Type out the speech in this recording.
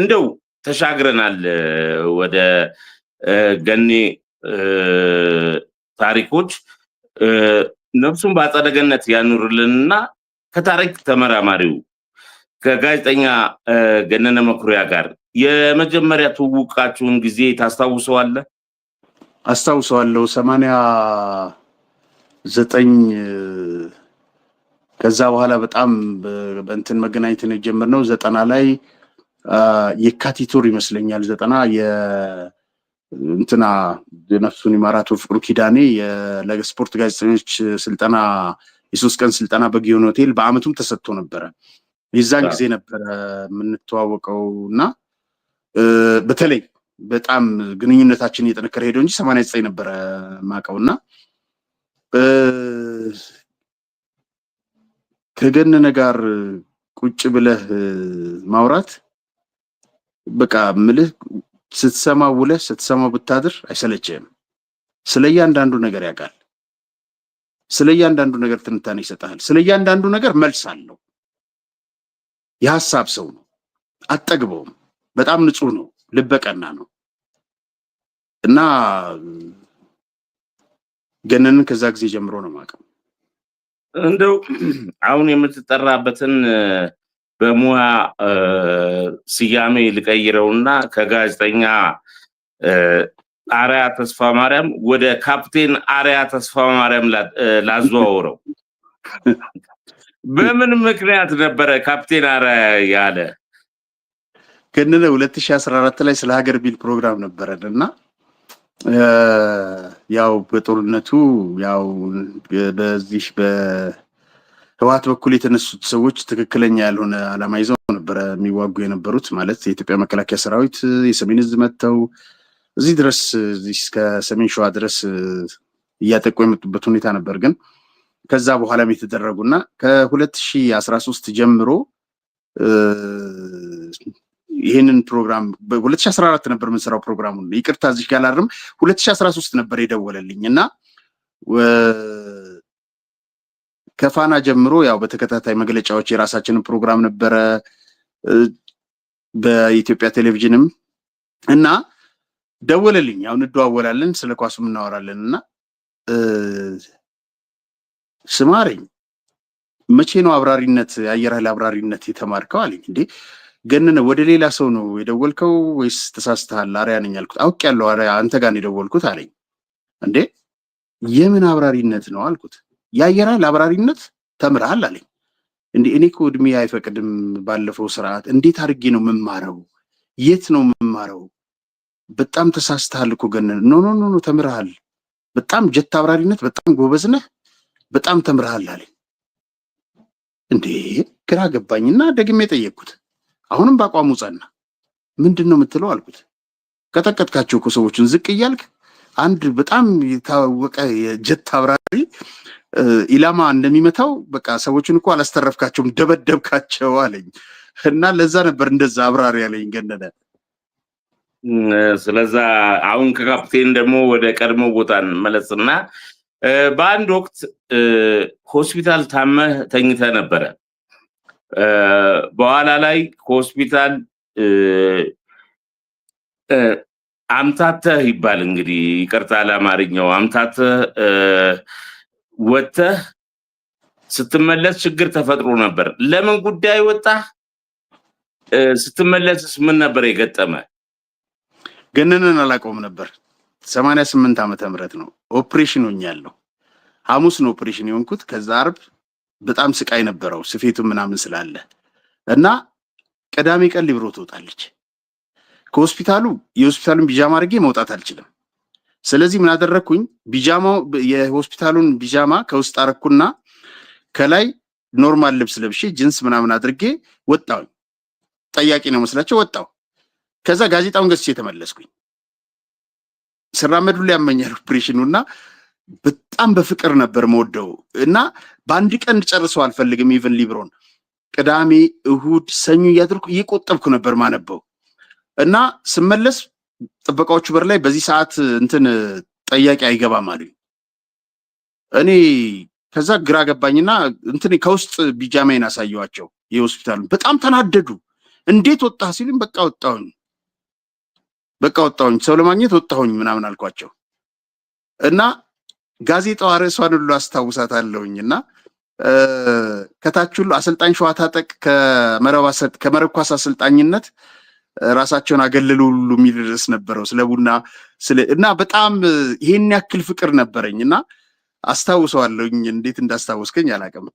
እንደው ተሻግረናል ወደ ገኔ ታሪኮች ነፍሱን በአጸደ ገነት ያኑርልንና ከታሪክ ተመራማሪው ከጋዜጠኛ ገነነ መኩሪያ ጋር የመጀመሪያ ትውውቃችሁን ጊዜ ታስታውሰዋለ? አስታውሰዋለሁ። ሰማንያ ዘጠኝ ከዛ በኋላ በጣም በእንትን መገናኘት ነው የጀመርነው። ዘጠና ላይ የካቲት ወር ይመስለኛል ዘጠና የእንትና ነፍሱን የማራቶን ፍቅሩ ኪዳኔ ለስፖርት ጋዜጠኞች ስልጠና የሶስት ቀን ስልጠና በጊዮን ሆቴል በአመቱም ተሰጥቶ ነበረ። የዛን ጊዜ ነበረ የምንተዋወቀው እና በተለይ በጣም ግንኙነታችን እየጠነከረ ሄደው እንጂ ሰማንያ ዘጠኝ ነበረ ማቀው እና ከገነነ ጋር ቁጭ ብለህ ማውራት በቃ ምልህ ስትሰማ ውለ ስትሰማ ብታድር አይሰለችህም። ስለ እያንዳንዱ ነገር ያውቃል። ስለ እያንዳንዱ ነገር ትንታኔ ይሰጣል። ስለ እያንዳንዱ ነገር መልስ አለው። የሀሳብ ሰው ነው፣ አጠግበውም በጣም ንጹህ ነው፣ ልበቀና ነው እና ገነንን ከዛ ጊዜ ጀምሮ ነው የማውቀው። እንደው አሁን የምትጠራበትን በሙያ ስያሜ ልቀይረውና ከጋዜጠኛ አርያ ተስፋ ማርያም ወደ ካፕቴን አርያ ተስፋ ማርያም ላዘዋውረው። በምን ምክንያት ነበረ ካፕቴን አርያ ያለ? ገነነ 2014 ላይ ስለ ሀገር ቢል ፕሮግራም ነበረን እና ያው በጦርነቱ ያው በዚህ ህወሓት በኩል የተነሱት ሰዎች ትክክለኛ ያልሆነ አላማ ይዘው ነበረ የሚዋጉ የነበሩት ማለት የኢትዮጵያ መከላከያ ሰራዊት የሰሜን እዝ መጥተው እዚህ ድረስ እስከ ሰሜን ሸዋ ድረስ እያጠቁ የመጡበት ሁኔታ ነበር። ግን ከዛ በኋላም የተደረጉ እና ከሁለት ሺ አስራ ሶስት ጀምሮ ይህንን ፕሮግራም በሁለት ሺ አስራ አራት ነበር የምንሰራው ፕሮግራሙን። ይቅርታ እዚህ ጋር ሁለት ሺ አስራ ሶስት ነበር የደወለልኝ እና ከፋና ጀምሮ ያው በተከታታይ መግለጫዎች የራሳችን ፕሮግራም ነበረ በኢትዮጵያ ቴሌቪዥንም እና ደወለልኝ። ያው እንደዋወላለን፣ ስለ ኳሱም እናወራለን እና ስማረኝ መቼ ነው አብራሪነት የአየር ኃይል አብራሪነት የተማርከው አለኝ። እንዴ ገነነ፣ ወደ ሌላ ሰው ነው የደወልከው ወይስ ተሳስተሃል? አርያ ነኝ አልኩት። አውቅ ያለው አንተ ጋር ነው የደወልኩት አለኝ። እንዴ የምን አብራሪነት ነው አልኩት። የአየር ኃይል አብራሪነት ተምረሃል አለኝ። እንደ እኔ እድሜ አይፈቅድም። ባለፈው ስርዓት እንዴት አድርጌ ነው የምማረው? የት ነው የምማረው? በጣም ተሳስተሃል እኮ ገነን። ኖ ኖ ኖ ተምረሃል። በጣም ጀት አብራሪነት በጣም ጎበዝ ነህ። በጣም ተምረሃል አለኝ። እንዴ ግራ ገባኝና ደግሜ የጠየቅኩት አሁንም በአቋሙ ጸና። ምንድን ነው የምትለው አልኩት። ቀጠቀጥካቸው እኮ ሰዎችን ዝቅ እያልክ አንድ በጣም የታወቀ የጀት አብራሪ ኢላማ እንደሚመታው በቃ ሰዎችን እኮ አላስተረፍካቸውም ደበደብካቸው አለኝ እና ለዛ ነበር እንደዛ አብራሪ ያለኝ ገነነ። ስለዛ አሁን ከካፕቴን ደግሞ ወደ ቀድሞ ቦታ መለስና በአንድ ወቅት ሆስፒታል ታመህ ተኝተ ነበረ። በኋላ ላይ ከሆስፒታል አምታተህ ይባል እንግዲህ ይቅርታ ለአማርኛው አምታተህ ወጥተህ ስትመለስ ችግር ተፈጥሮ ነበር። ለምን ጉዳይ ወጣህ? ስትመለስስ ምን ነበር የገጠመ? ገነነን አላውቀውም ነበር። 88 ስምንት ዓመተ ምህረት ነው ኦፕሬሽን ሆኛለሁ። ሐሙስ ነው ኦፕሬሽን የሆንኩት። ከዛ አርብ በጣም ስቃይ ነበረው ስፌቱ ምናምን ስላለ እና ቅዳሜ ቀን ሊብሮ ትወጣለች ከሆስፒታሉ። የሆስፒታሉን ቢጃማ አድርጌ መውጣት አልችልም ስለዚህ ምን አደረግኩኝ? ቢጃማው የሆስፒታሉን ቢጃማ ከውስጥ አረኩና ከላይ ኖርማል ልብስ ለብሼ ጅንስ ምናምን አድርጌ ወጣሁኝ። ጠያቂ ነው መስላቸው ወጣሁ። ከዛ ጋዜጣውን ገዝቼ የተመለስኩኝ ስራመዱ ላይ ያመኛል ኦፕሬሽኑ እና በጣም በፍቅር ነበር መወደው እና በአንድ ቀን ጨርሰው አልፈልግም። ኢቨን ሊብሮን ቅዳሜ፣ እሁድ፣ ሰኞ እያደርኩ እየቆጠብኩ ነበር ማነበው እና ስመለስ ጥበቃዎቹ በር ላይ በዚህ ሰዓት እንትን ጠያቂ አይገባም አሉ። እኔ ከዛ ግራ ገባኝና እንትን ከውስጥ ቢጃማይን አሳየዋቸው የሆስፒታሉ። በጣም ተናደዱ። እንዴት ወጣ ሲሉኝ በቃ ወጣሁኝ፣ በቃ ወጣሁኝ፣ ሰው ለማግኘት ወጣሁኝ ምናምን አልኳቸው እና ጋዜጣዋ ርዕሷን ሁሉ አስታውሳታለሁኝ እና ከታች ሁሉ አሰልጣኝ ሸዋ ታጠቅ ከመረብ ኳስ አሰልጣኝነት ራሳቸውን አገልሉ ሁሉ የሚል ርዕስ ነበረው ስለ ቡና እና በጣም ይሄን ያክል ፍቅር ነበረኝ እና አስታውሰዋለሁኝ። እንዴት እንዳስታወስከኝ አላውቅም።